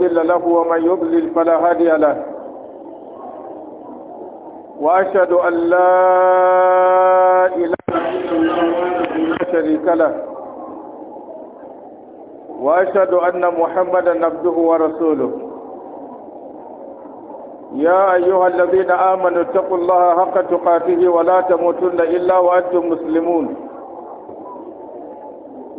مضل له ومن يضلل فلا هادي له وأشهد أن لا إله إلا الله لا شريك له وأشهد أن محمدا عبده ورسوله يا أيها الذين آمنوا اتقوا الله حق تقاته ولا تموتن إلا وأنتم مسلمون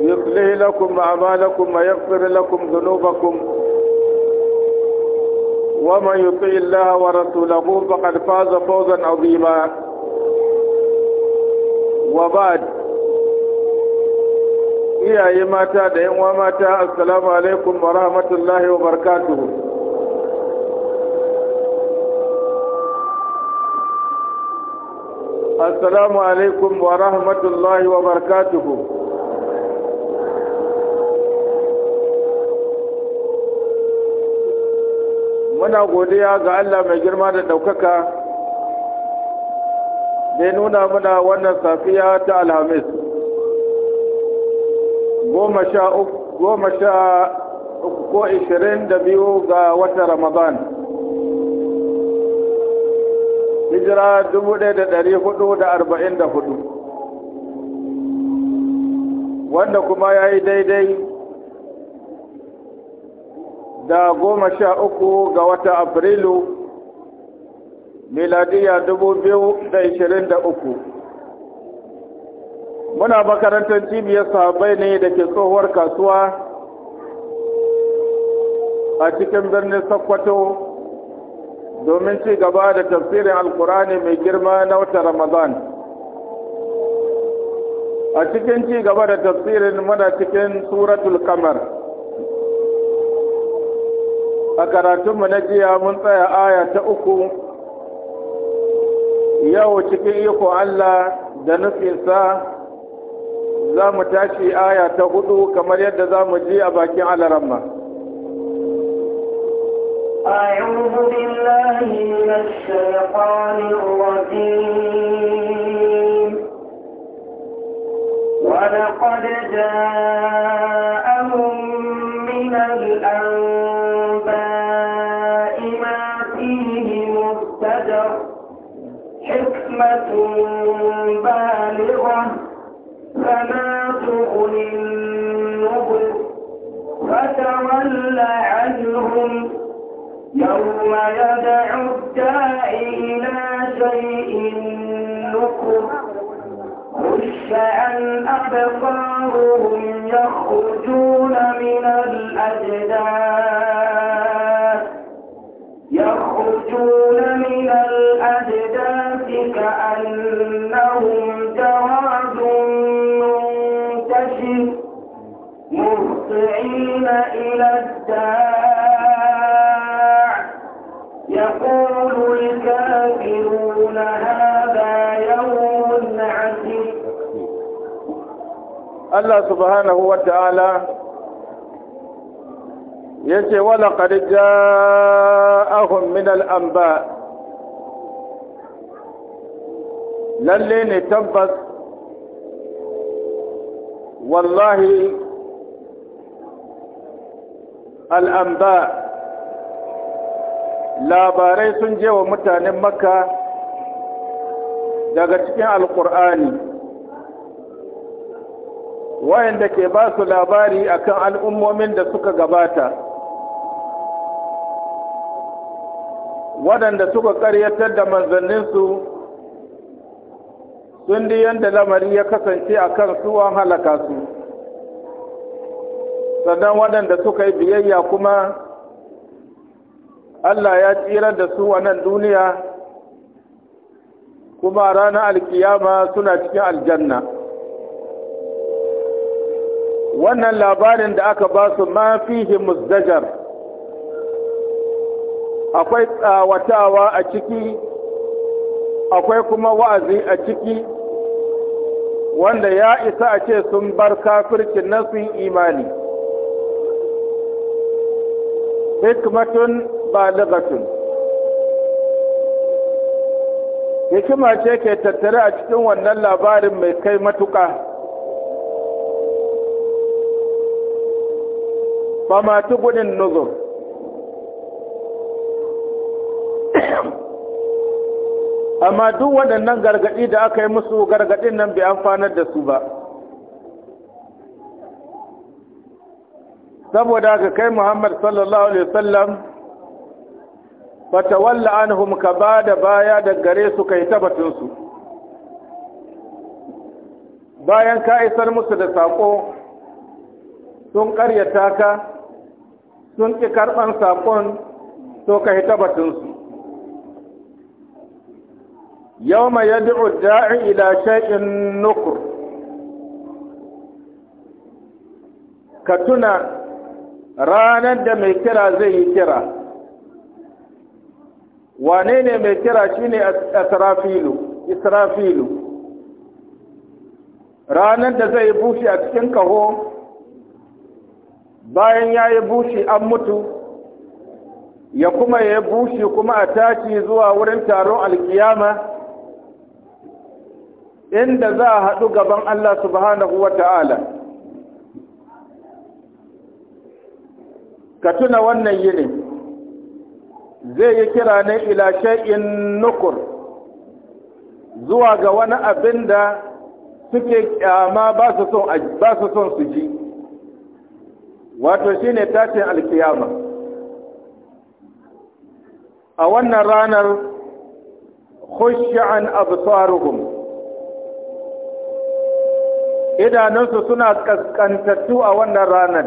يصلح لكم أعمالكم ويغفر لكم ذنوبكم ومن يطع الله ورسوله فقد فاز فوزا عظيما وبعد iyaye mata da yan uwa mata assalamu alaikum wa rahmatullahi wa barakatuhu assalamu alaikum wa rahmatullahi wa barakatuhu muna godiya ga Allah mai girma da ɗaukaka da nuna muna wannan safiya ta alhamis goma sha goma sha ko ishirin da biyu ga wata ramadan hijira dubu ɗaya da ɗari hudu da arba'in da hudu wanda kuma ya yi daidai da goma sha uku ga wata Afrilu, miladiya dubu biyu da ishirin da uku. Muna makarantar cibiyar sahabai ne da ke tsohuwar kasuwa a cikin birnin Sokoto domin ci gaba da tafsirin Alkurani mai girma na wata Ramadan. a cikin ci gaba da tafsirin muna cikin suratul kamar a karatunmu na jiya mun tsaya aya ta uku yau cikin iko Allah da nufinsa za mu tashi aya ta hudu kamar yadda za mu ji a bakin alaramma. أعوذ بالله من الشيطان الرجيم ولقد جاء حكمة بالغة فما تغني النبل فتول عنهم يوم يدعو الداعي إلى شيء نكر خش عن أبصارهم يخرجون من الأجداد يخرجون من الأجداث كأنهم جواد منتشر مهطعين إلى الداع يقول الكافرون هذا يوم عسير الله سبحانه وتعالى yace wala qad ja'ahum min al-anba lalle ne tabbas wallahi al'amba labarai sun je wa mutanen makka daga cikin alkur'ani wayanda ke ba su labari akan al'ummomin da suka gabata waɗanda suka ƙaryatar da manzanninsu sun di yadda lamari ya kasance a kan su an halaka su sannan waɗanda suka yi biyayya kuma Allah ya tsira da su a nan duniya kuma ranar alkiyama suna cikin aljanna wannan labarin da aka ba su ma musdajar akwai tsawatawa a ciki akwai kuma wa'azi a ciki wanda ya isa a ce sun bar kafircin nan sun imani hikmatun baligatun hikima ce ke tattare a cikin wannan labarin mai kai matuka. ba ma gudun nuzur amma duk waɗannan gargaɗi da aka yi musu gargaɗin nan bai amfanar da su ba saboda ka kai muhammad sallallahu alaihi wasallam fatawalla anhum ka ba da baya da gare su kai tabbatinsu bayan ka isar musu da saƙo sun ƙaryata ka sun ƙi karɓan saƙon to ka hita batunsu يوم يدعو الداعي إلى شيء نكر كتنا رانا دم كرا زي كرا وانين مي كرا شيني أسرافيلو إسرافيلو رانا دا زي بوشي أتكنك هو bayan ya yi bushi an mutu ya kuma ya yi bushi kuma a tashi zuwa wurin taron alkiyama inda za a haɗu gaban Allah subhanahu wa ta'ala ka tuna wannan yini zai yi kira ne ila shay'in nukur zuwa ga wani abin da suke kyama ba su son su ji wato shine tashin alkiyama a wannan ranar khushi'an absaruhum idanunsu suna kaskantattu a wannan ranar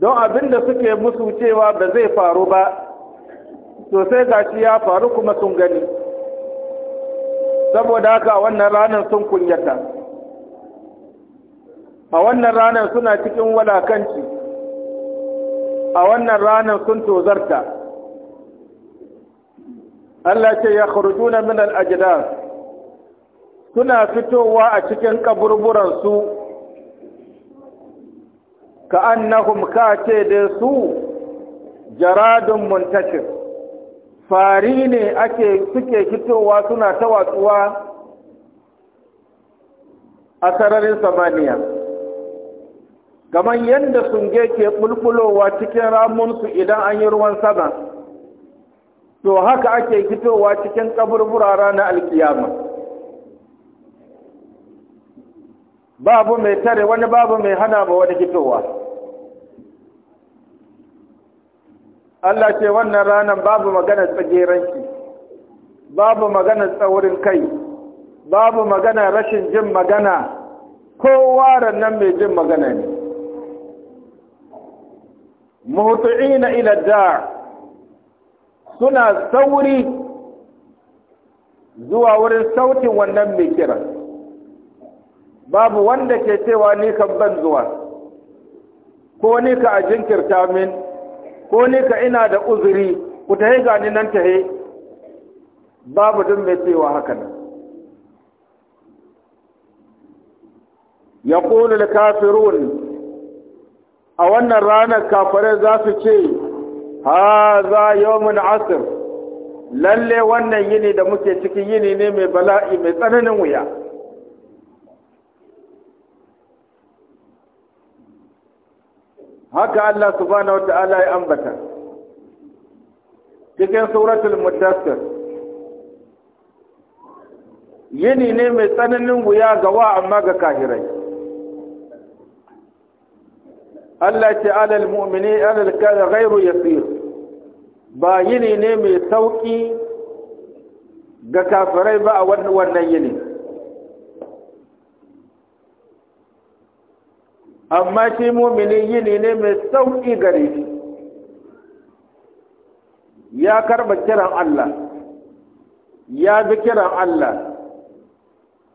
don abin da suke musu cewa ba zai faru ba sosai gashi ya faru kuma sun gani saboda haka a wannan ranar sun kunyata a wannan ranar suna cikin walakanci a wannan ranar sun tozarta Allah ce ya khurujuna min al ajdas suna fitowa a cikin kaburburansu ka annahum ka ce da su jaradun muntashir fari ne ake suke fitowa suna ta watsuwa a sararin samaniya kamar yadda sunge ke bulbulowa cikin ramunsu idan an yi ruwan sama to haka ake fitowa cikin kaburbura ranar alkiyama. alkiyama babu mai tare wani babu mai hana ba wani fitowa Allah ce wannan ranar babu magana tsageranki babu magana tsaurin kai babu magana rashin jin magana kowa nan mai jin magana ne mutu'ina ila da suna sauri zuwa wurin sautin wannan mai kira babu wanda ke cewa ni kan ban zuwa ko ni ka a jinkirta min ko ni ka ina da uzuri ku tahi gani nan tahi babu duk mai cewa haka nan yaqulu kafirun a wannan ranar kafirai za su ce haza yawmun asir. lalle wannan yini da muke cikin yini ne mai bala'i mai tsananin wuya haka Allah subhanahu wata'ala ya ambata cikin suratul mutasir yini ne mai tsananin wuya ga wa amma ga kahirai Allah ce alal mu'mini alal kada ghairu yasir ba yini ne mai sauki ga kafirai ba a wannan yini amma shi mumini yini ne mai sauƙi gare shi ya karɓa kiran Allah ya bi kiran Allah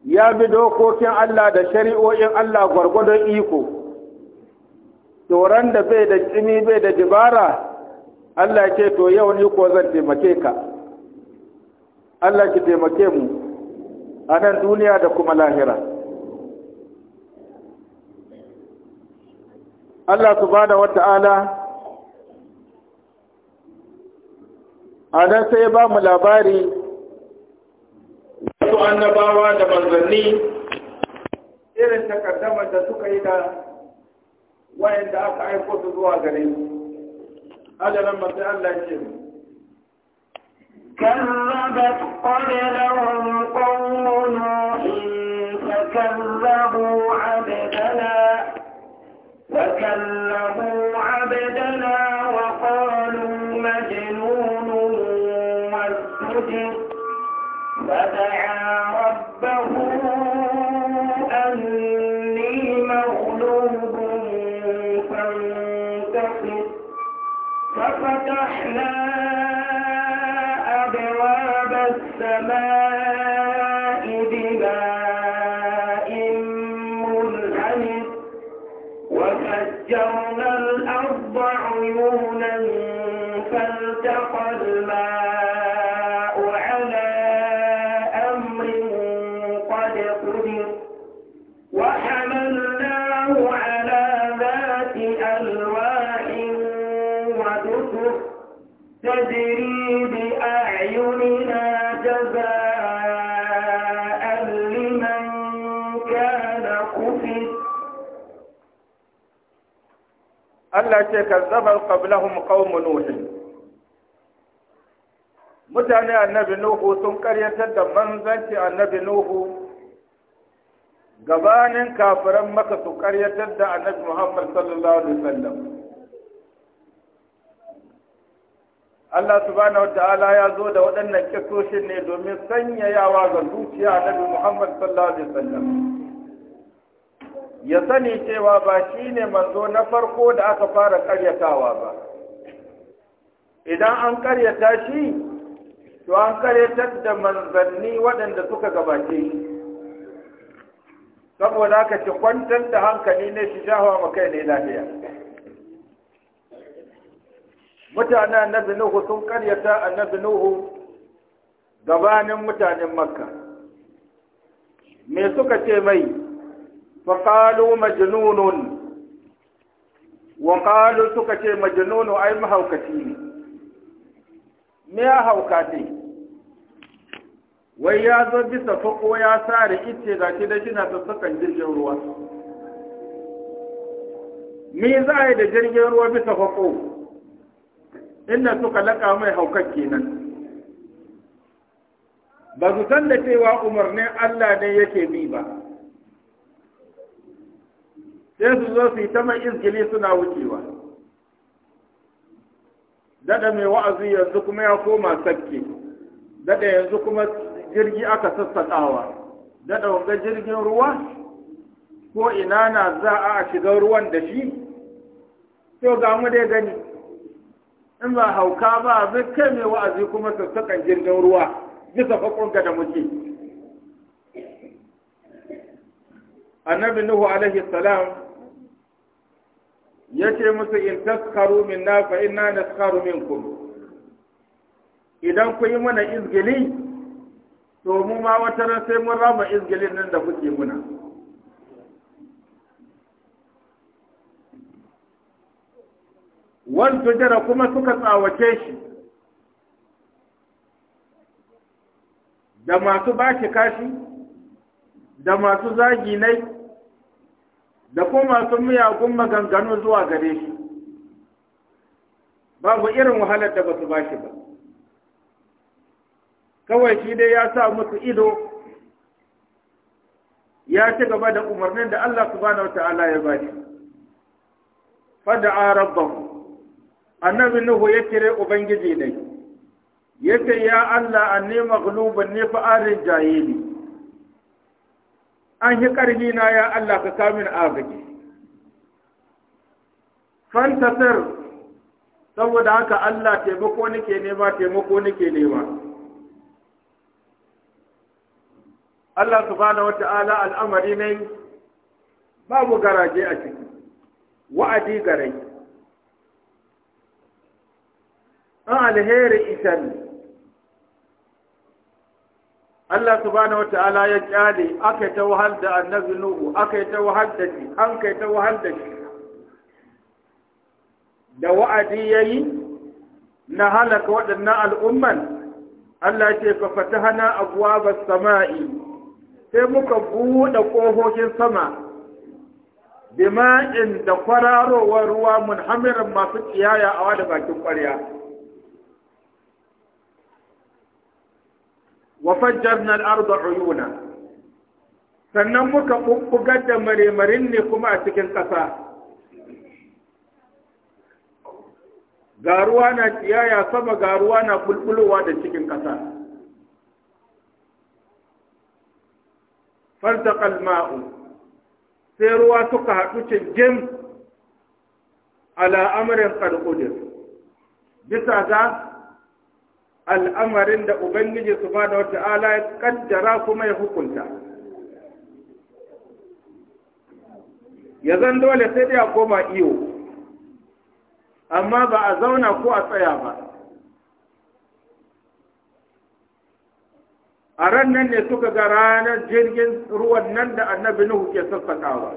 ya bi dokokin Allah da shari'o'in Allah gwargwadon iko tsoron da bai da tsini bai da dabara, Allah ya ce to yau ni ko zan taimake ka Allah ki taimake mu a nan duniya da kuma lahira. Allah subhanahu wata'ala a nan sai ya ba mu labari su annabawa da manzanni irin takardar da suka yi da da aka aiko su zuwa gare su masu Allah ce كذبت قبلهم قوم نوح Allah ce ka zaba qablahum qaumu nuh mutane annabi nuhu sun karyatar da manzanci annabi nuhu gabanin kafiran maka su karyatar da annabi Muhammad sallallahu alaihi wasallam Allah subhanahu ta'ala ya zo da waɗannan kisoshin ne domin sanyayawa ga zuciya annabi Muhammad sallallahu alaihi wasallam ya sani cewa ba shi ne manzo na farko da aka fara karyatawa ba idan an karyata shi to an karyatar da manzanni waɗanda suka gabace shi saboda aka ci kwantar da hankali ne shi shahawa ma kai ne lafiya mutanen annabi nuhu sun karyata annabi nuhu gabanin mutanen makka me suka ce mai فقالوا مجنون وقالوا سكتي مجنون أي مهوكتي ميا هوكاتي wai ya zo bisa fako ya sare ice ga shi da shina ta sakan jirgin ruwa me za a yi da jirgin ruwa bisa fako inda suka laka mai haukar kenan ba su san da cewa umarnin Allah ne yake bi ba sai su zo su yi ta mai izgili suna wucewa dada mai wa'azi yanzu kuma ya koma sakke dada yanzu kuma jirgi aka sassaƙawa dada wanga jirgin ruwa ko ina na za a shiga ruwan da shi to ga mu dai gani in ba hauka ba zai kai mai wa'azi kuma sassaƙan jirgin ruwa bisa fakonka da muke annabi nuhu alaihi salam yace musu in taskaru minna fa inna naskaru minkum idan kun yi mana izgili to mu ma wata ran sai mun raba izgilin nan da kuke muna wani tujara kuma suka tsawace shi da masu bashi kashi da masu zagi nai da ko masu miyagun maganganu zuwa gare shi babu irin wahalar da ba su ba shi ba kawai shi dai ya sa musu ido ya ci gaba da umarnin da Allah subhanahu ta'ala ya ba shi fada'a rabbahu annabi nuhu ya kire ubangiji ne yace ya Allah anni maghlubun ni fa'arin jahili an shi ƙarfi na ya Allah ka kamin agaji fantasir saboda haka Allah taimako nake nema taimako nake nema Allah subhanahu wata'ala al'amari ne babu garaje a ciki wa'adi garai an alheri isan Allah subhanahu wata'ala ya kyale aka ta wahal da annabi Nuhu aka ta wahal da shi an kai ta wahal da shi da wa'adi yayi na halaka waɗannan al'umman Allah ce fa fatahana abwaba sama'i sai muka buɗe ƙofofin sama bima'in da kwararowar ruwa munhamirin masu ciyaya a da bakin ƙwarya wa fajjarna al-ardu uyuna sannan muka bubbugar da maremarin ne kuma a cikin ƙasa Garuwa na tsiyaya sama ga ruwa na bulbulowa da cikin ƙasa fartaƙal ma'u sai ruwa suka haɗu cikin ala amarin ƙarƙudir bisa ga al'amarin da Ubangiji su ba wata ala ya kaddara kuma ya hukunta ya zan dole sai dai a koma iyo amma ba a zauna ko a tsaya ba a ran nan ne suka ga ranar jirgin ruwan nan da annabi Nuhu ke sassakawa.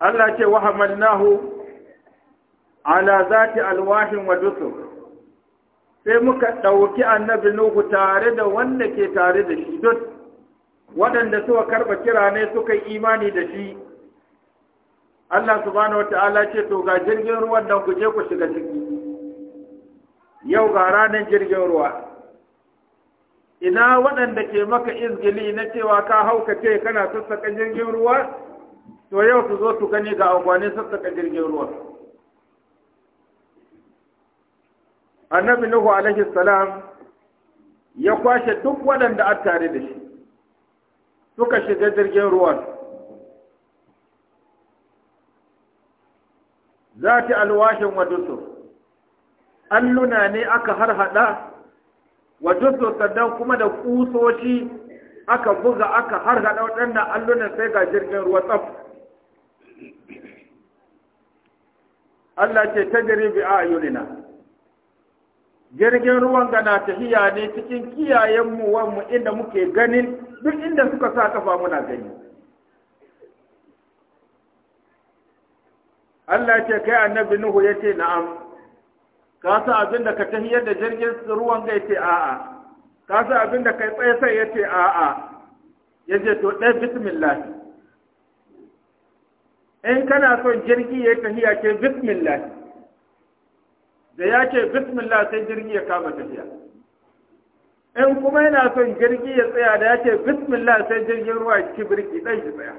Allah ce wa hamalnahu ala zati alwahin wa dusur sai muka ɗauki annabi Nuhu tare da wanda ke tare da shi duk waɗanda suka karɓa kira ne suka yi imani da shi Allah subhanahu wa ta'ala ce to ga jirgin ruwan nan ku je ku shiga ciki yau ga ranar jirgin ruwa ina waɗanda ke maka izgili na cewa ka haukace kana sassaka jirgin ruwa to yau su zo su gani ga amfanin sassaka jirgin ruwa annabi nuhu alaihi salam ya kwashe duk waɗanda a tare da shi suka shiga jirgin ruwa. za ta alwashin wa dusu. alluna ne aka har harhaɗa wa dusu, sannan kuma da kusoshi aka buga aka har harhaɗa waɗannan allunan sai ga jirgin ruwa tsaf Allah ce ta bi a yunina. jirgin ruwan ga na tafiya ne cikin kiyayen mu wanmu inda muke ganin duk inda suka sa kafa muna gani Allah ce kai annabi Nuhu ya ce na'am ka sa abin da ka tahiyar da jirgin ruwan ga ce a'a ka sa abin da kai tsaye sai ya ce a'a ya ce to ɗaya bismillah in kana son jirgi ya tahiya ce bismillah da ya ce bismillah sai jirgi ya kama tafiya in kuma yana son jirgi ya tsaya da ya ce bismillah sai jirgin ruwa kibirki ɗan shi tsaya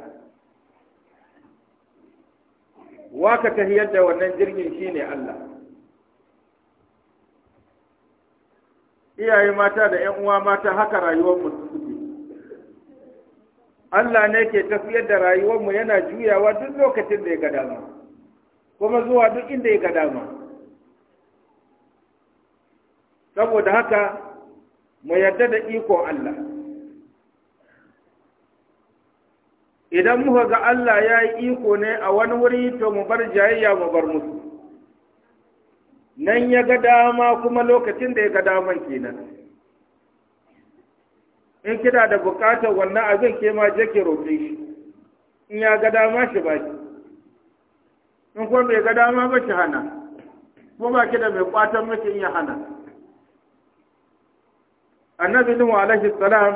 waka tahiyar da wannan jirgin shi ne Allah iyaye mata da 'yan uwa mata haka rayuwar mu suke Allah ne ke tafiyar da rayuwar mu yana juyawa duk lokacin da ya ga dama kuma zuwa duk inda ya ga dama saboda haka mu yarda da ikon Allah idan muka ga Allah ya yi iko ne a wani wuri to mu bar jayayya mu bar musu nan ya ga dama kuma lokacin da ya ga daman kenan in kida da bukatar wannan abin ke ma je ke roƙe shi in ya ga dama shi ba shi. in kuma bai ga dama ba shi hana Kuma ba ki da mai kwatan miki in ya hana annabi nuhu alaihi salam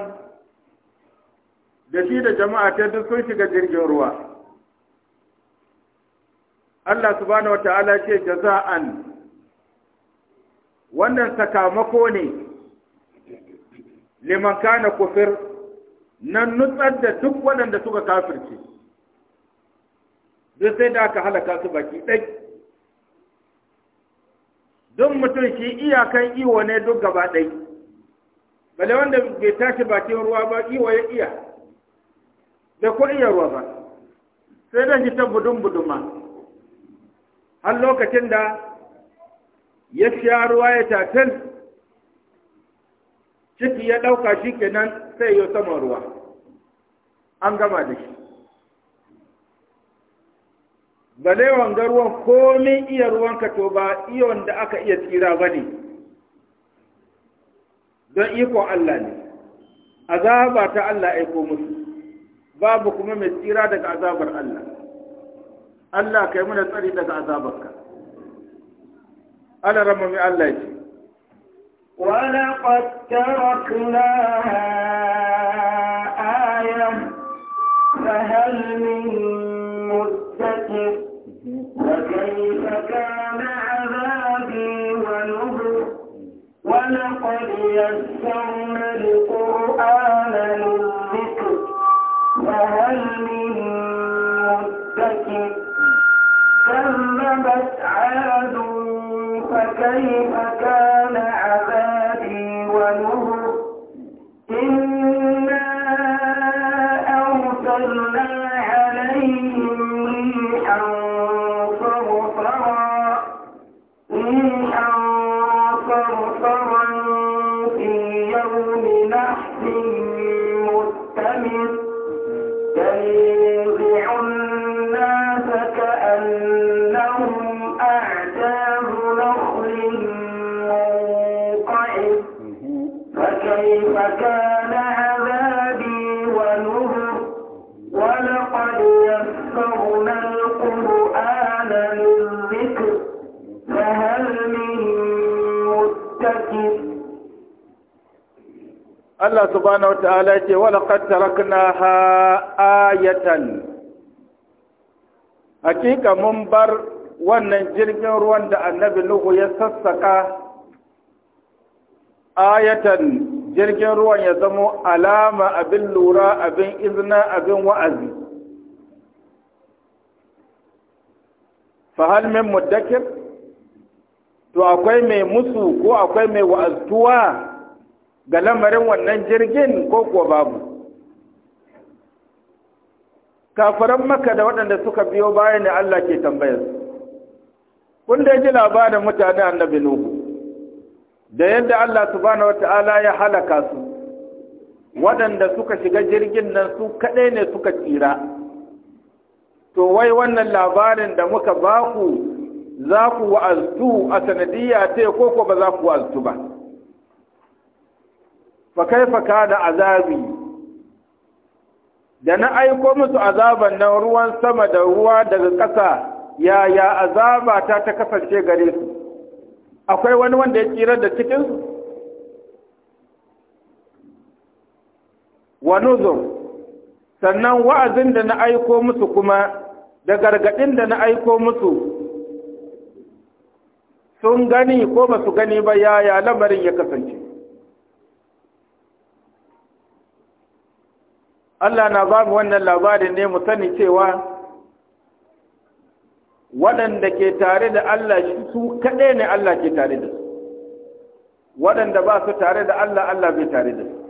da shi da jama'a ta duk sun shiga jirgin ruwa Allah subhanahu wa ta'ala ce jaza'an wannan sakamako ne liman kana kufir nan nutsar da duk waɗanda suka kafirce duk sai da aka halaka su baki ɗai duk mutum shi iyakan iwo ne duk gaba ɗai bale wanda bai tashi bakin ruwa ba iwa ya iya da ko iya ruwa ba sai dan ji ta budun buduma har lokacin da ya sha ruwa ya tatil ciki ya ɗauka shi kenan sai ya sama ruwa an gama da shi bale wanga ruwan komai iya ruwanka to ba iya wanda aka iya tsira ba ne don iko Allah ne azaba ta Allah aiko musu babu kuma mai tsira daga azabar Allah Allah kai mana tsari daga azabarka Allah rama mai Allah ce ولقد تركناها آية فهل من كيف كان Allah subhanahu ya ce wala tarakna ha ayatan hakika mun bar wannan jirgin ruwan da annabi Nuhu ya sassaka ayatan jirgin ruwan ya zamo alama abin lura abin izina abin wa'azi fahal min muddakir to akwai mai musu ko akwai mai wa'aztuwa ga lamarin wannan jirgin ko kuwa babu kafaran maka da waɗanda suka biyo bayan da Allah ke tambayar kun da ji labarin mutane annabi nuhu da yadda Allah subhanahu wata'ala ya halaka su waɗanda suka shiga jirgin nan su kaɗai ne suka tsira to wai wannan labarin da muka baku za ku wa'aztu a sanadiyya ta ko ko ba za ku wa'aztu ba fa faka da azabi da na aiko musu azaban nan ruwan sama da ruwa daga ƙasa yaya azaba ta ta kasance gare su akwai wani wanda ya tsira da cikin su wa sannan wa'azin da na aiko musu kuma da gargaɗin da na aiko musu sun gani ko ba su gani ba yaya lamarin ya kasance Allah na ba mu wannan labarin ne mu sani cewa waɗanda ke tare da Allah su kaɗai ne Allah ke tare da su waɗanda ba su tare da Allah Allah bai tare da su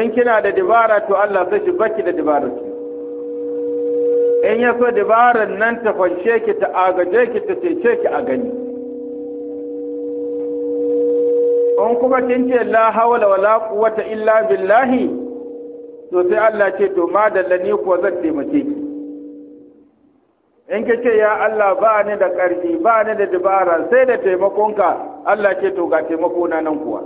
in kina da dabara to Allah sai shi baki da dabarar ki in ya so dabarar nan ta fanshe ki ta agaje ki ta cece ki a gani in kuma kin ce la hawla wala quwwata illa billah to sai Allah ce to madalla ni ko zan taimake ki in ka ce ya Allah ba ni da ƙarfi ba ni da dabara sai da taimakonka Allah ce to ga taimako na nan kuwa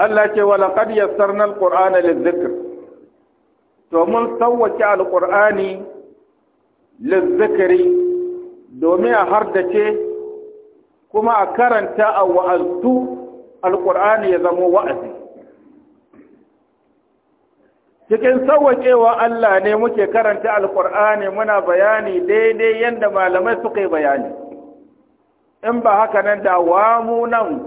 Allah ce wala qad yassarna alqur'ana lizikr to mun sawwaki alqur'ani lizikri domin a hardace kuma a karanta a wa'azu alƙur'ani ya zamo wa'azi cikin sauwaƙewa Allah ne muke karanta alƙur'ani muna bayani daidai yadda malamai suka yi bayani in ba haka nan da wa mu nan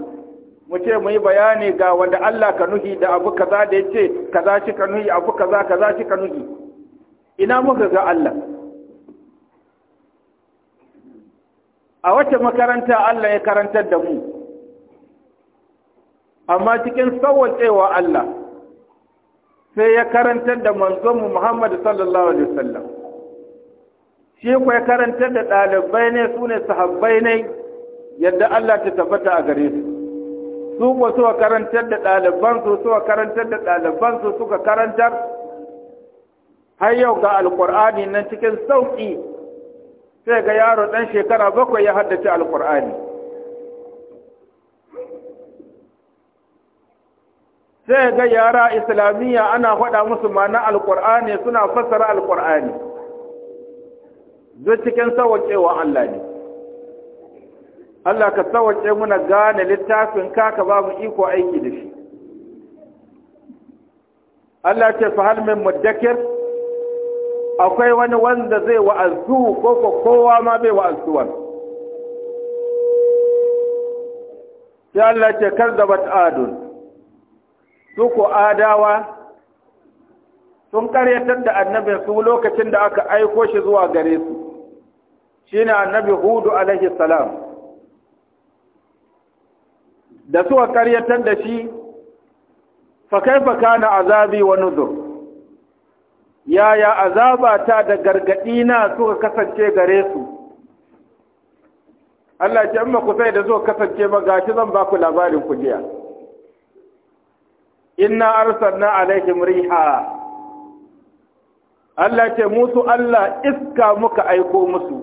mu ce mu yi bayani ga wanda Allah ka nuhi da abu kaza da ya ce kaza shi ka nuhi abu kaza kaza shi ka nuhi ina muka ga Allah a wace makaranta Allah ya karantar da mu amma cikin tsawatsewa Allah sai ya karantar da manzonmu Muhammad sallallahu alaihi wasallam shi kuwa ya karantar da ɗalibai ne su ne sahabbai ne yadda Allah ta tabbata a gare su su kuwa suka karantar da ɗalibansu su suka karantar da ɗaliban suka karantar har yau ga alƙur'ani nan cikin sauƙi sai ga yaro ɗan shekara bakwai ya haddace alkur'ani sai ga yara islamiyya ana faɗa musu ma'ana alkur'ani suna fassara alkurani duk cikin sawaƙewa Allah ne Allah ka sawaƙe muna gane littafin ka ka ba mu iko aiki da shi Allah ce fa hal min muddakir akwai wani wanda zai wa'azu ko ko kowa ma bai wa'azuwa sai Allah ce kazzabat adun su ko adawa sun karyatar da annabin su lokacin da aka aiko shi zuwa gare su Shi shine annabi hudu alaihi salam da suka karyatar da shi fa kaifa kana azabi wa nuzur yaya azabata da gargaɗi na suka kasance gare su Allah ce amma ku sai da zo kasance ba gashi zan baku labarin ku jiya inna arsalna alaihim riha Allah ce musu Allah iska muka aiko musu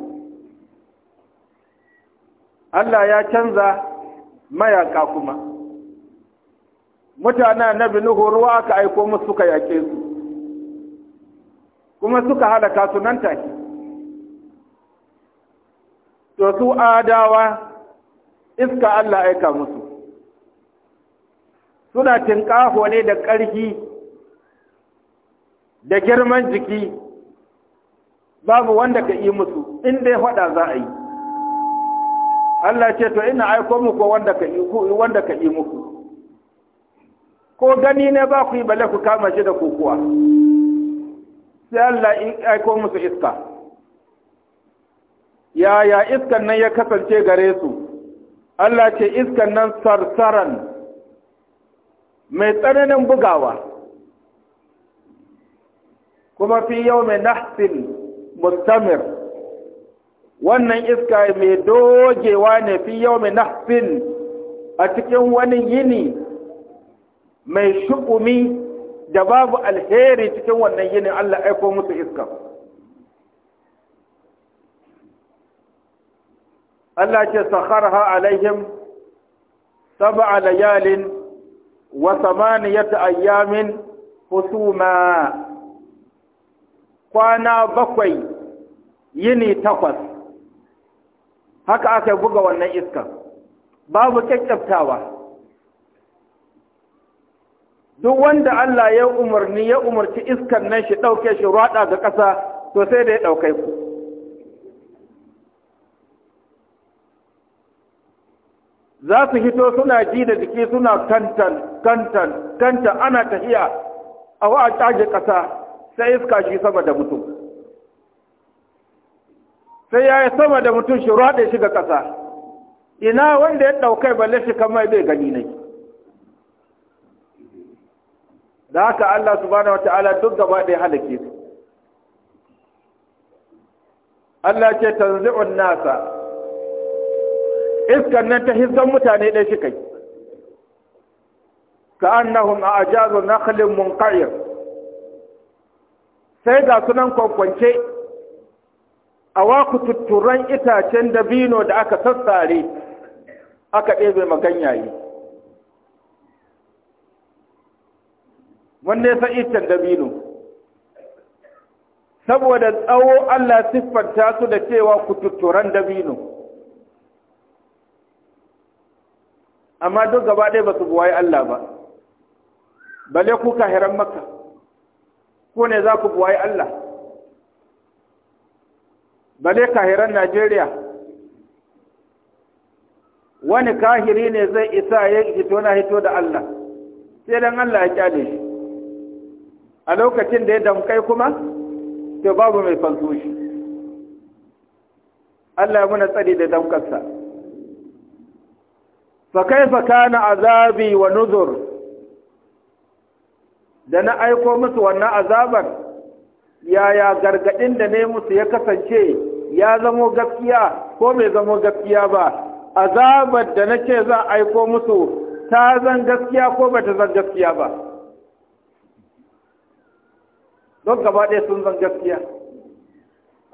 Allah ya canza mayaka kuma mutanen nabi nuhu ruwa aka aiko musu suka yake su kuma suka halaka su nan take to su adawa iska Allah aika musu suna tinƙaho ne da ƙarfi da girman jiki babu wanda ka yi musu in dai faɗa za a yi Allah ce to ina aiko muku wanda ka yi wanda ka yi muku ko gani ne ba ku yi bale ku kama shi da kokuwa sai Allah in aiko musu iska yaya iskan nan ya kasance gare su Allah ce iskan nan sarsaran mai tsananin bugawa kuma fi yau mai nahsin mustamir wannan iska mai dogewa ne fi yau mai nahsin a cikin wani yini mai shukumi da babu alheri cikin wannan yinin Allah aiko musu iska Allah ce sakharha alaihim sab'a layalin wa samaniyata ayyamin husuma kwana bakwai yini takwas haka aka buga wannan iska babu kyakkyaftawa duk wanda Allah ya umarni ya umarci iskar nan shi ɗauke shi raɗa ga ƙasa to sai da ya ɗaukai ku za su hito suna ji da jiki suna kantan kantan kantan ana tafiya a wa taje ƙasa sai iska shi sama da mutum sai ya yi sama da mutum shi raɗe shi ga ƙasa ina wanda ya ɗaukai balle shi kamar bai gani ne da haka Allah subhanahu ta'ala duk gaba ɗaya halake su Allah ce tanzi'un nasa Iskar nan ta hisan mutane ɗaya shi kai ka'annahum a ajazu nakhlin munqa'ir sai ga sunan kwankwance a waku tutturan itacen dabino da aka sassare aka ɗebe maganyaye wanda ya san iccen dabino saboda tsawo Allah siffanta su da cewa kututturan dabino amma duk gaba ɗaya ba su buwayi Allah ba bale ku kahiran maka ko ne za ku buwayi Allah bale kahiran Najeriya wani kahiri ne zai isa ya hito na hito da Allah sai dan Allah ya kyale shi a lokacin da ya damkai kuma to babu mai fanso shi Allah muna tsari da damkarsa fa kaifa kana azabi wa nuzur da na aiko musu wannan azabar yaya gargadin da ne musu ya kasance ya zamo gaskiya ko mai zamo gaskiya ba azabar da na ce za aiko musu ta zan gaskiya ko bata zan gaskiya ba don gaba ɗaya sun zan gaskiya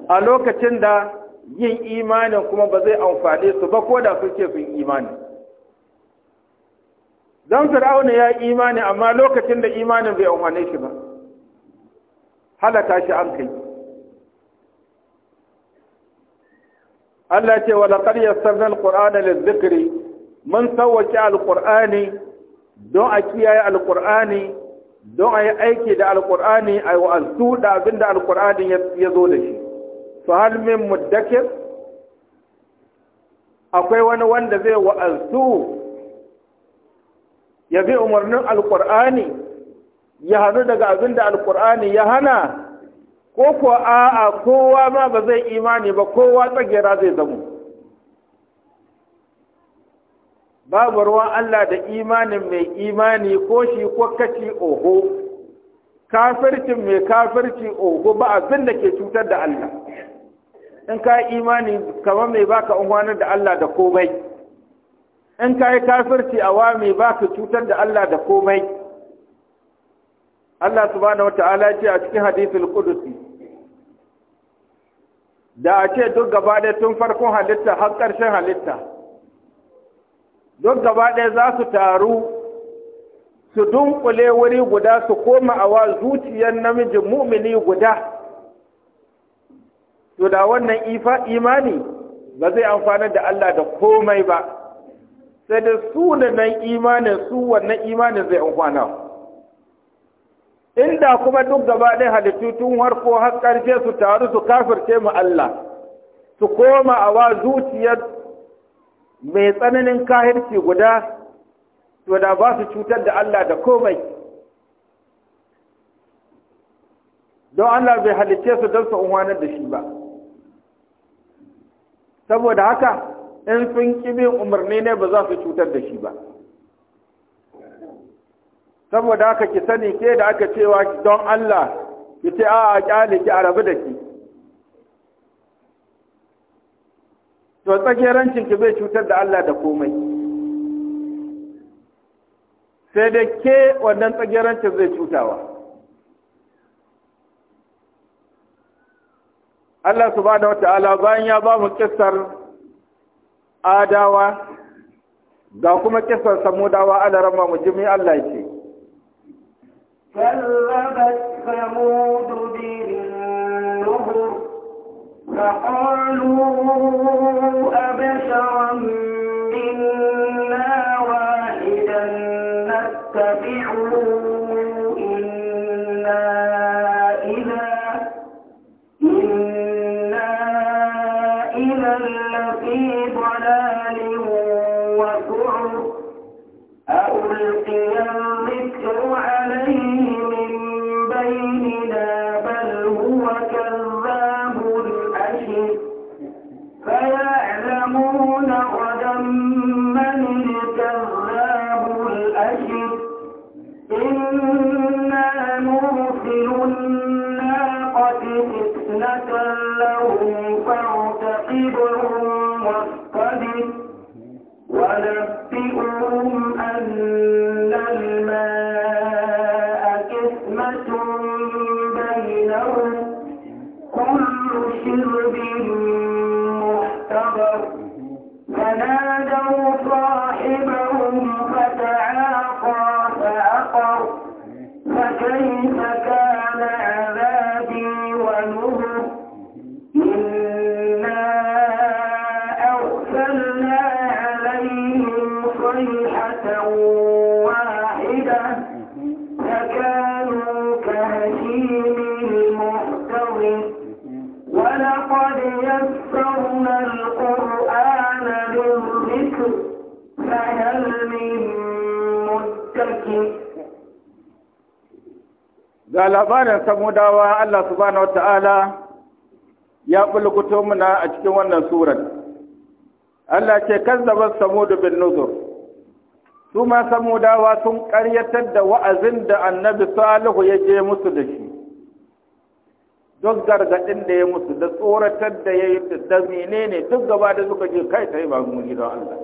a lokacin da yin imanin kuma ba zai amfane su ba ko da sun ce sun imani don fir'auna ya imani amma lokacin da imanin bai amfane shi ba halaka shi an kai Allah ce wa laqad yassarna al-Qur'ana da zikiri mun sawwaki al-Qur'ani don a kiyaye al-Qur'ani don a yi aiki da alkur'ani a yi wa'azu da abin da alkur'ani ya zo da shi su halmin muddakir akwai wani wanda zai wa'azu ya bi umarnin alkur'ani ya hannu daga abin da alkur'ani ya hana ko kuwa a'a kowa ma ba zai imani ba kowa tsagera zai zamo babu ruwan Allah da imanin mai imani ko shi ko kaci oho kafircin mai kafirci oho ba abin da ke cutar da Allah in ka imani kamar mai baka unhwanar da Allah da komai in ka yi kafirci a wa mai baka cutar da Allah da komai Allah subhanahu wata'ala ce a cikin hadithul qudusi da a ce duk gaba tun farkon halitta har ƙarshen halitta don gaba ɗaya za su taru su dunkule wuri guda su koma a wa zuciyar namijin mumini guda to da wannan imani ba zai amfana da Allah da komai ba sai da su da nan imanin su wannan imanin zai amfana inda kuma duk gaba ɗaya halittu tun harko har ƙarshe su taru su kafirce mu Allah su koma a wa zuciyar mai tsananin kahirci guda to da ba su cutar da Allah da komai don Allah bai halicce su don su umarnar da shi ba saboda haka in sun kibin umarni ne ba za su cutar da shi ba saboda haka ki sani ke da aka cewa don Allah ki ce a a ki a rabu da ke to tsakerancin ki zai cutar da Allah da komai sai da ke wannan tsakerancin zai cutawa Allah subhanahu wata'ala bayan ya ba mu kissar adawa ga kuma kissar samudawa ala rama mu jimi Allah ce kallabat samudu bi فقالوا أبشرا منا واحدا نتبعه mudawa Allah subhanahu wa ta'ala ya bulkuto muna a cikin wannan surar Allah ce kazzabat samudu bin nuzur su ma samudawa sun ƙaryatar da wa'azin da annabi salihu ya je musu da shi duk gargaɗin da ya musu da tsoratar da ya yi da menene duk gaba da suka je kai ta yi ba muni don Allah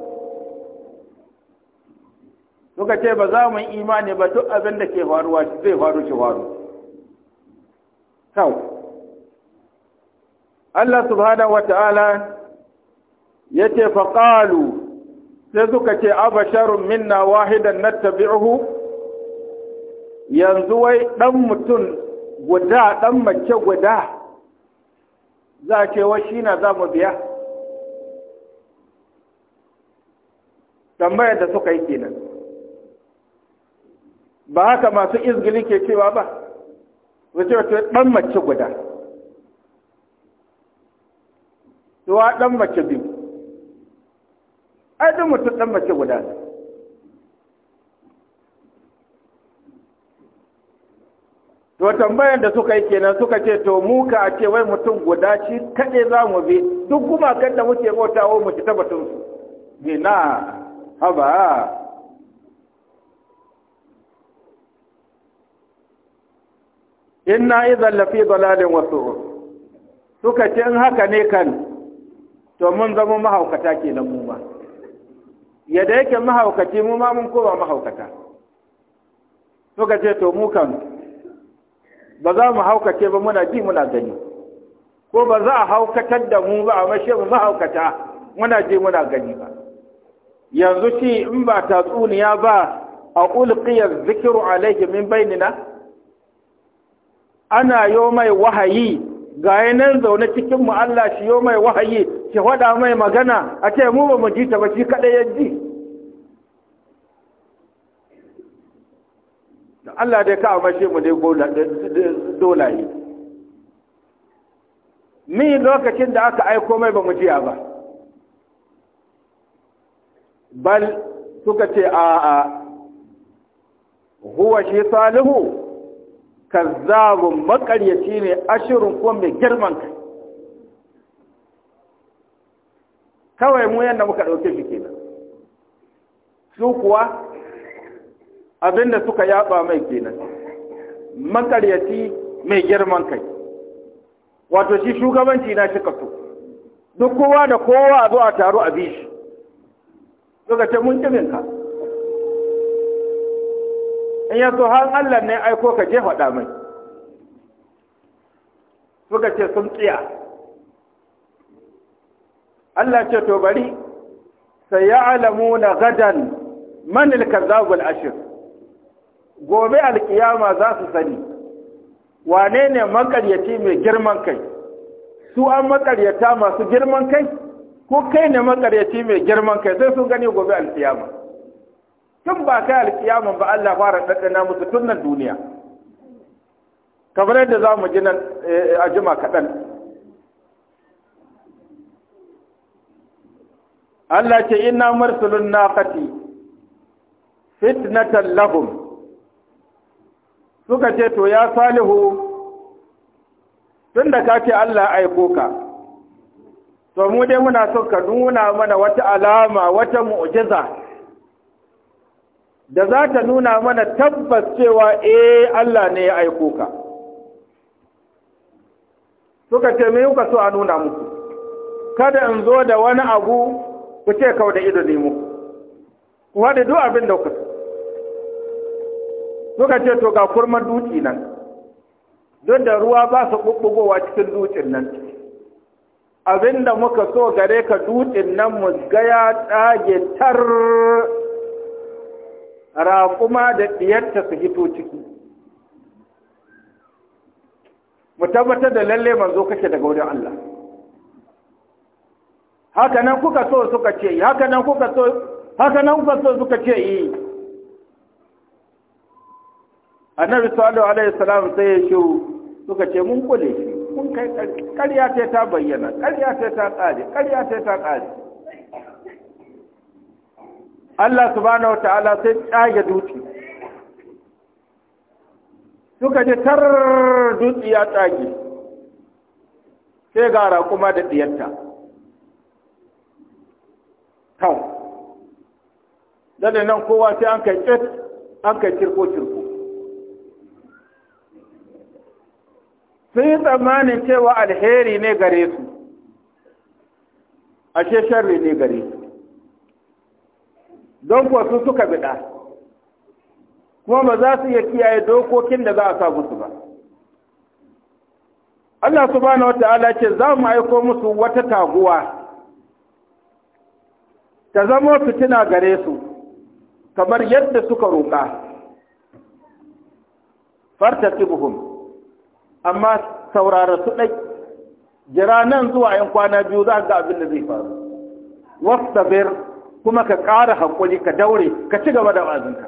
suka ce ba za mu imani ba duk abin da ke faruwa zai faru shi faru kawo Allah subhanahu Ta'ala ya ce faƙalu sai suka ce abasharun minna wahidan na tabi'uhu yanzu wai ɗan mutum guda ɗan mace guda za a ce wai shi na za mu biya tambayar da suka yi kenan ba haka masu izgili ke cewa ba wace wato ɗan mace guda tuwa ɗan mace biyu ai ɗan mutum ɗan mace guda ne to tambayar da suka yi kenan suka ce to mu ka a ce wai mutum guda shi kaɗai za mu bi duk gumakan da muke bautawa mu ci tabbatunsu ne na haba inna idan lafi dalalin wasu suka ce in haka ne kan to mun zama mahaukata nan mu ma yadda yake mahaukaci mu ma mun koma mahaukata suka ce to mu kan ba za mu haukace ba muna ji muna gani ko ba za a haukatar da mu ba a mashe mu mahaukata muna ji muna gani ba yanzu shi in ba tatsuniya ba a ulqiya zikiru alaihi min bainina ana yo mai wahayi ga nan zaune cikin mu Allah shi yo mai wahayi ki faɗa mai magana a ce mu ba mu ji ta ba shi kaɗai ya ji Allah dai ka shi mu dai dolaye mi lokacin da aka aiko mai ba mu jiya ba bal suka ce a'a huwa shi salihu kazzabun makaryaci ne ashirin ko mai girman kai kawai mu yadda muka ɗauke shi kenan su kuwa abinda suka yaba mai kenan makaryaci mai girman kai wato shi shugabanci na shi kaso duk kowa da kowa a zo a taro a bi shi suka ce mun kiminka in ya har Allah ne aiko ka je faɗa mai suka ce sun tsiya Allah ce to bari sai ya alamu na gadan manil kazabul ashir gobe alkiyama za su sani wane ne makaryaci mai girman kai su an makaryata masu girman kai ko kai ne makaryaci mai girman kai sai sun gani gobe alkiyama tun ba kai alkiyama ba Allah fara na musu tun nan duniya kamar yadda za mu ji eh, a jima kaɗan Allah ce inna mursulun naqati fitnatan lahum suka ce to ya salihu tun da ka ce Allah aiko ka to mu dai muna son ka nuna mana wata alama wata mu'jiza da za ta nuna mana tabbas cewa eh Allah ne ya aiko ka suka ce me kuka so a nuna muku kada in zo da wani abu ku ce kawai da ido ne muku ku haɗe duk abin da kuka suka ce to ga kurman dutse nan don da ruwa ba su ɓuɓɓugowa cikin dutsen nan abin da muka so gare ka dutsen nan mu gaya tsage tar raƙuma da ɗiyarta su hito ciki mu tabbatar da lalle manzo kake daga wurin Allah haka nan kuka so suka ce haka nan kuka so haka nan kuka so suka ce yi annabi sallallahu alaihi wasallam sai ya shiru suka ce mun kule shi mun kai ƙarya ta ta bayyana ƙarya ta ta ƙare ƙarya ta ta ƙare Allah subhanahu wata'ala sai tsage dutse suka ji tar dutse ya tsage sai gara kuma da diyarta Kau, zane nan kowa sai an kai ƙet an kai cirko-cirko sun yi tsammanin cewa alheri ne gare su ashe sharri ne gare su don kuwa suka biɗa kuma ba za su iya kiyaye dokokin da za a sa musu ba Allah subhanahu wa ta'ala ce za mu aiko musu wata taguwa ta zamo fitina gare su kamar yadda suka roƙa fartaqibuhum amma saurara su ɗai jira nan zuwa yan kwana biyu za ga abin da zai faru kuma ka ƙara haƙuri ka daure ka ci gaba da wa'azinka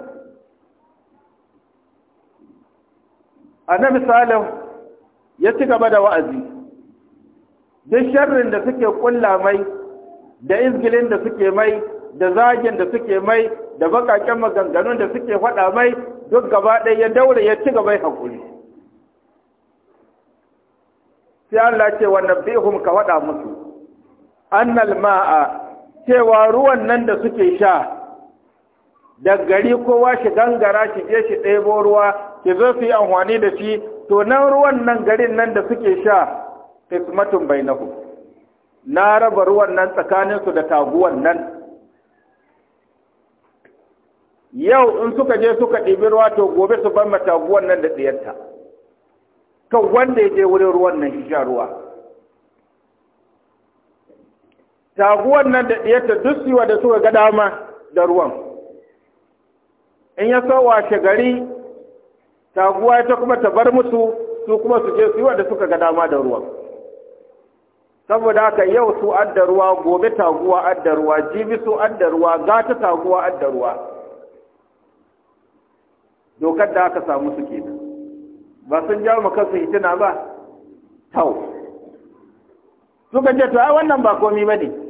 na misalin ya ci gaba da wa'azi duk sharrin da suke ƙulla mai da izgilin da suke mai da zagin da suke mai da baƙaƙen maganganun da suke faɗa mai duk gaba ɗaya ya daure ya ci gaba haƙuri sai Allah ce wannan ka waɗa musu annal a. cewa ruwan nan da suke sha da gari kowa shi gangara shi je shi ɗebo ruwa shi zo su yi amfani da shi to nan ruwan nan garin nan da suke sha ismatun bai na raba ruwan nan tsakaninsu da taguwan nan yau in suka je suka ɗibi ruwa to gobe su bar mataguwan nan da ɗiyarta kan wanda ya je wurin ruwan nan shi sha ruwa taguwan nan da ɗiyarta duk siwa da suka ga dama da ruwan in ya so washe gari taguwa ta kuma ta bar musu su kuma su je siwa da suka ga dama da ruwan saboda haka yau su adda ruwa gobe taguwa adda ruwa jibi su adda ruwa gata taguwa adda ruwa dokar da aka samu su kenan ba sun jawo kansu hitina ba tau suka ce ta wannan ba komi ba ne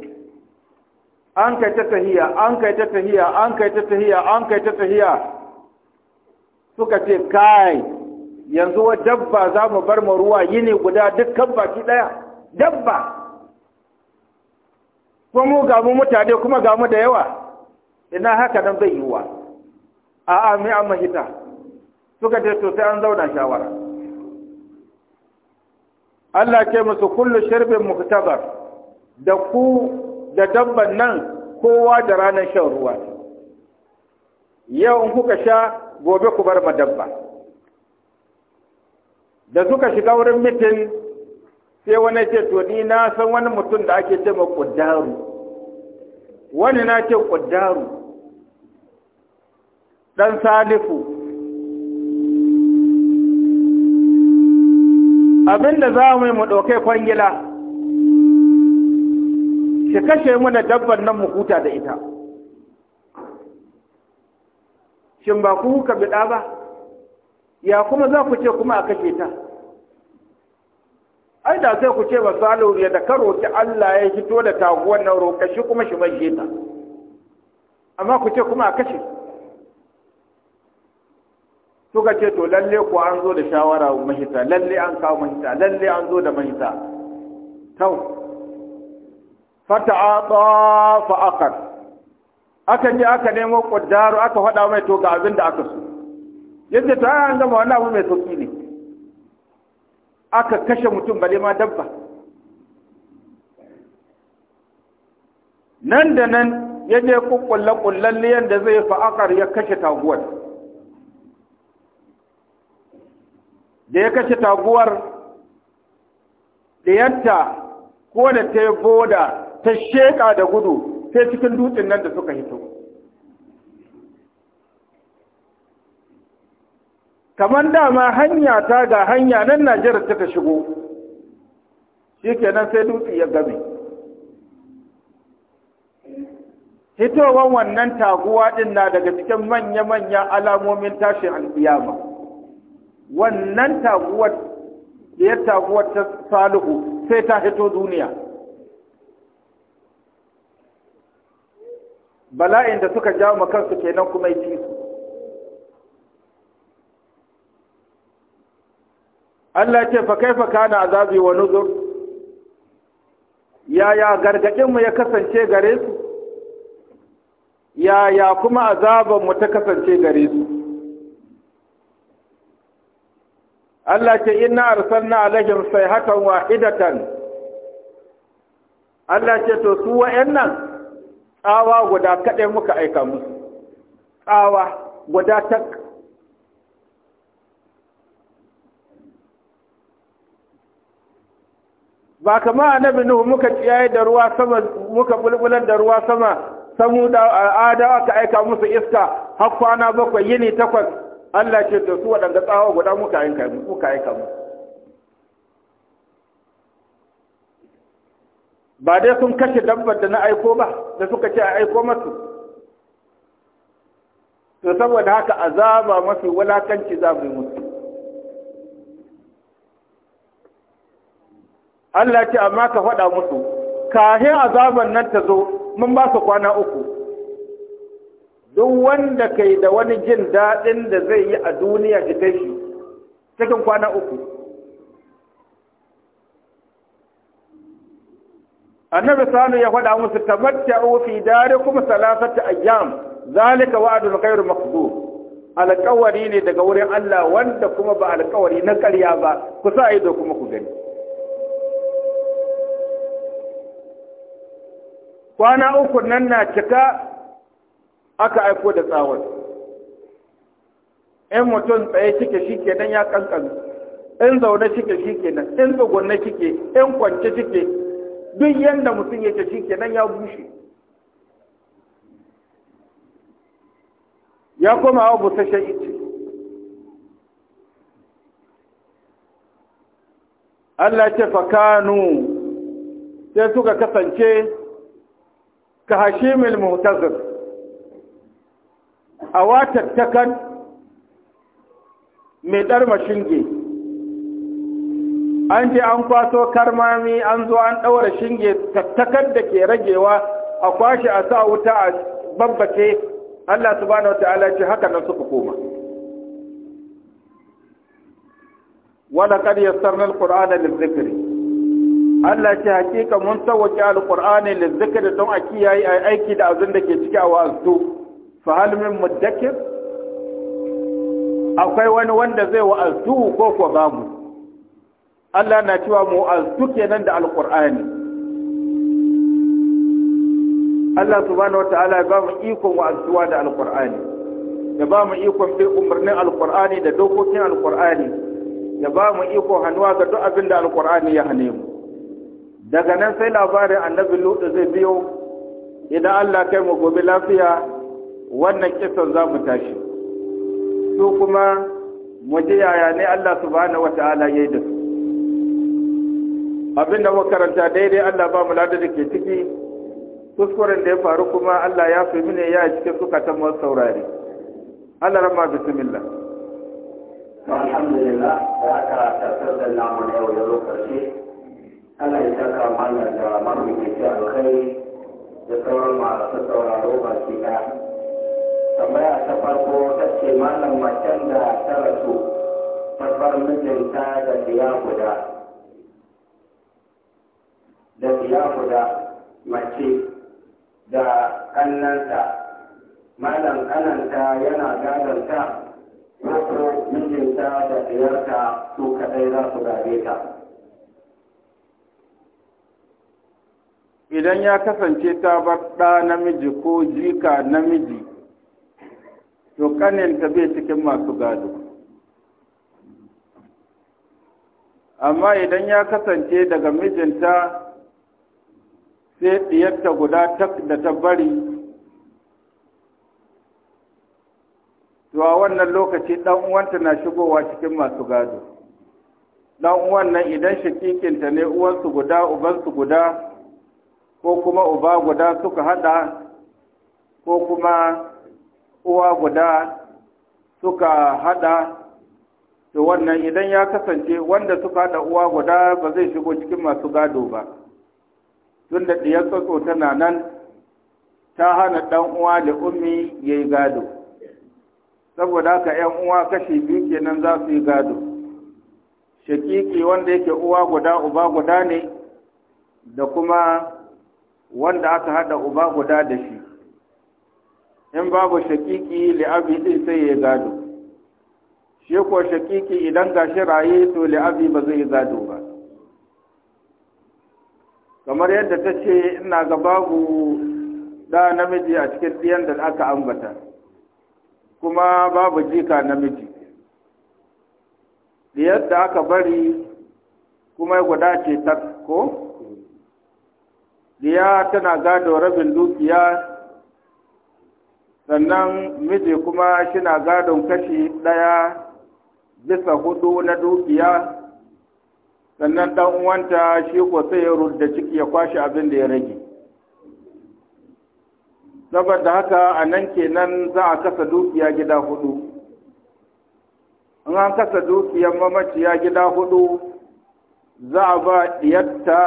an kai ta tahiya an kai ta tahiya an kai ta tahiya an kai ta tahiya suka ce kai yanzu wa dabba za mu bar mu ruwa yini guda dukkan baki daya dabba ko mu ga mu mutane kuma ga mu da yawa ina haka nan bai yiwa a'a mai an mahita suka ce to sai an zauna shawara Allah ce musu kullu sharbin muktabar da ku da dabban nan kowa da ranar shan ruwa yau in kuka sha gobe ku bar madabba da suka shiga wurin mitin sai wani ce to ni na san wani mutum da ake ce ma kuddaru wani na ce kuddaru dan salifu abinda za mu yi mu ɗaukai kwangila ta kashe mana dabban nan mu huta da ita shin ba ku kuka biɗa ba ya kuma za ku ce kuma a kashe ta ai da sai ku ce ba salo ya da karo ki Allah ya fito da taguwan nan roƙa shi kuma shi mai ta amma ku ce kuma a kashe suka ce to lalle ko an zo da shawara mahita lalle an kawo mahita lalle an zo da mahita tau fata'ata fa akar aka je aka nemo kuddaru aka faɗa mai to ga abin da aka so yadda ta an gama wani abu mai sauki ne aka kashe mutum bale ma dabba nan da nan ya je kukkulle kullalliyan da zai fa'akar ya kashe taguwar da ya kashe taguwar yanta ko da ta yi boda ta sheƙa da gudu sai cikin dutsen nan da suka hito kamar dama hanya ta ga hanya nan najeriya ta shigo shi kenan sai dutse ya game hitowar wannan taguwa ɗin na daga cikin manya-manya alamomin tashin alƙiyama wannan taguwar ya taguwar ta salihu sai ta hito duniya bala'in da suka jawo ma kansu kenan kuma yi su Allah ce fa kaifa kana azabi wa nuzur yaya gargadin mu ya kasance gare su yaya kuma azaban mu ta kasance gare su Allah ce inna arsalna alaihim sayhatan wahidatan Allah ce to su wa'annan tsawa guda kaɗai muka aika musu tsawa guda ta ba kama a nabi nuhu muka ciyaye da ruwa sama muka bulbulan da ruwa sama samu da al'ada aka aika musu iska har kwana bakwai yini takwas Allah ce to su waɗanda tsawa guda muka aika musu ba dai sun kashe dabbar da na aiko ba da suka ce a aiko masu to saboda haka azaba mafi wulakanci za mu yi musu Allah ce amma ka faɗa musu kahin azaban nan ta zo mun ba su kwana uku duk wanda kai da wani jin daɗin da zai yi a duniya ji kai shi cikin kwana uku annabi sanu ya faɗa musu tamatta'u fi darikum a ayyam zalika wa'dun ghairu maqdur alƙawari ne daga wurin Allah wanda kuma ba alƙawari na ƙarya ba ku sa ido kuma ku gani kwana uku nan na cika aka aiko da tsawon in mutum tsaye cike shi nan ya kankan in zaune cike shi nan in tsugunne cike in kwance cike duk yadda mutum ya ce shi kenan ya bushe ya koma abu busasshen ice Allah ce fakanu sai suka kasance ka hashimil mutazir a watattakan mai ɗarmashin gini an je an kwaso karmami an zo an ɗaura shinge tattakar da ke ragewa a kwashe a sa wuta a babbace Allah subhanahu wata'ala ce haka nan suka koma wala kad yassarna alqur'ana lizikri Allah ce hakika mun sauke alqur'ani lizikri don a kiyaye ai aiki da azun da ke ciki a wa'azu fa hal min mudakkir akwai wani wanda zai wa'azu ko ko babu Allah na cewa mu'az duk yanan da alqur'ani Allah subhanahu wata'ala ya ba mu ikon wa'azuwa da alqur'ani ya ba mu ikon fi umarnin alqur'ani da dokokin alqur'ani ya ba mu ikon hannuwa ga duk abin da alqur'ani ya hane mu daga nan sai labarin annabi lutu zai biyo idan Allah kai mu gobe lafiya wannan kisan za mu tashi su kuma mu ji yaya ne Allah subhanahu wata'ala ya yi da su abin da karanta daidai Allah ba mu lada da ke ciki kuskuren da ya faru kuma Allah ya fi mini ya cike cikin sukatan masu saurari Allah rama bismillah alhamdulillah da aka tattar da namu na yau da lokaci Allah ya saka mana da mamaki da alkhairi da sauran masu sauraro ba shi daya tambaya ta farko ta ce malam macen da ta rasu ta bar mijinta da diya guda da iyaku da mace da kannanta malam kananta yana gadanta ko mijinta da ɗiyarta su kaɗai za su gare ta idan ya kasance ta bar ɗa namiji ko jika namiji to ƙaninta bai cikin masu gado amma idan ya kasance daga mijinta sai ɗiyarta guda tak da ta bari zuwa wannan lokaci ɗan uwanta na shigowa cikin masu gado ɗan uwan nan idan shakikinta ne uwansu guda ubansu guda ko kuma uba guda suka haɗa ko kuma uwa guda suka haɗa to wannan idan ya kasance wanda suka haɗa uwa guda ba zai shigo cikin masu gado ba tun da diyar tsotso tana nan ta hana ɗan uwa da ummi ya yi gado saboda haka ‘yan uwa kashe biyu kenan za su yi gado shakiki wanda yake uwa guda uba guda ne da kuma wanda aka haɗa uba guda da shi in babu shakiki li'abi din sai ya gado shi ko shakiki idan gashi raye to li'abi ba zai gado ba kamar yadda ta ce ina ga babu da namiji a cikin ɗiyan da aka ambata kuma babu jika namiji ɗiyar da aka bari kuma guda ce ta ko ɗiya tana gado rabin dukiya sannan miji kuma shi na gadon kashi ɗaya bisa hudu na dukiya sannan 'dan uwanta shi ko sai ya rudda ciki ya kwashe abin da ya rage saboda haka a nan kenan za a kasa dukiya gida hudu in an kasa dukiyar mamaciya gida hudu za a ba diyarta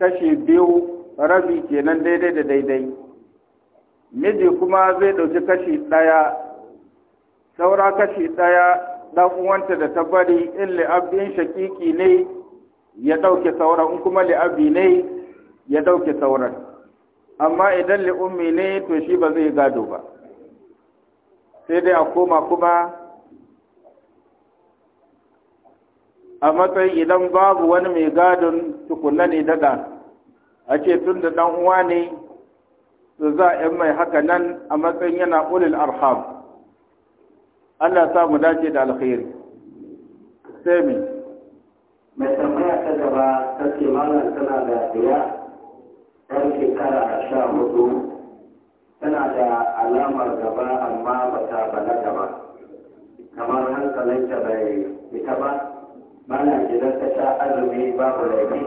kashi biyu rabi kenan daidai da daidai miji kuma zai ɗauki kashi ɗaya saura kashi ɗaya dan uwanta da ta bari in li'abin shakiki ne ya dauke sauran in kuma li'abi ne ya ɗauke sauran amma idan li'ummi ne to shi ba zai gado ba sai dai a koma kuma a matsayin idan babu wani mai gadon tukunna ne daga a ce tun da ɗan uwa ne za a mai haka nan a matsayin yana ulil arham Allah sa mu dace da alkhairi sai me mai tambaya ta gaba ta ce malam tana da biya ɗan shekara sha hudu tana da alamar gaba amma ba ta balaga ba kamar hankalinta bai fita ba mana idan ta sha azumi babu laifi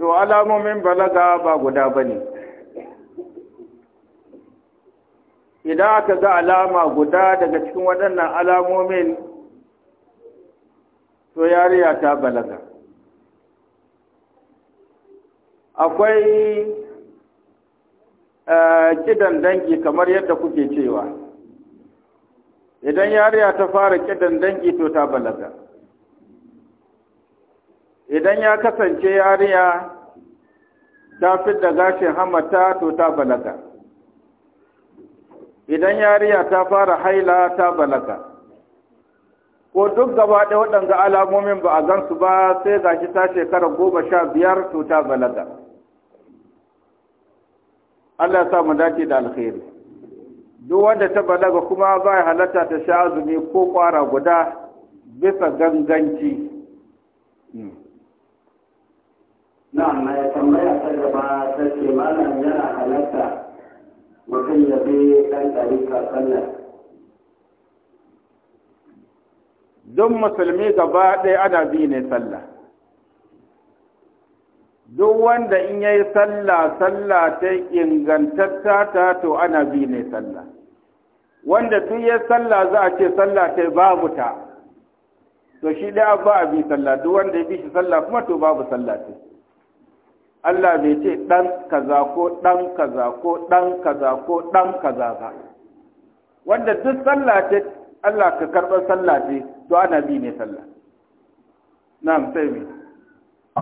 to alamomin balaga ba guda ba ne idan aka ga alama guda daga cikin waɗannan alamomin to yariya ta balaga akwai eh, kidan dangi kamar yadda kuke cewa idan yariya ta fara kidan dangi to ta balaga idan ya kasance yariya ta fi da gashin hamata to ta balaga idan yariya ta fara haila ta balaga ko duk gaba ɗaya waɗanda alamomin ba a gansu ba sai gashi ta shekara goma sha biyar to ta balaga Allah ya sa mu dace da alkhairi duk wanda ta balaga kuma ba ya halatta ta sha azumi ko kwara guda bisa ganganci hmm. na'am mai tambaya ta gaba ta ce malam yana halatta mutum ya bi ɗan ɗarika sallah duk musulmi gaba ɗaya ana bi ne sallah duk wanda in yayi sallah sallah ta ingantatta ta to ana bi ne sallah wanda tun yayi sallah za a ce sallah ta babu ta to shi ɗaya ba a bi sallah duk wanda ya bi shi sallah kuma to babu sallah ta Allah bai ce ɗan kaza ko ɗan kaza ko ɗan kaza ko ɗan kaza ba wanda duk sallah ce Allah ka karɓar sallah ce to ana bi ne sallah na'am sai mai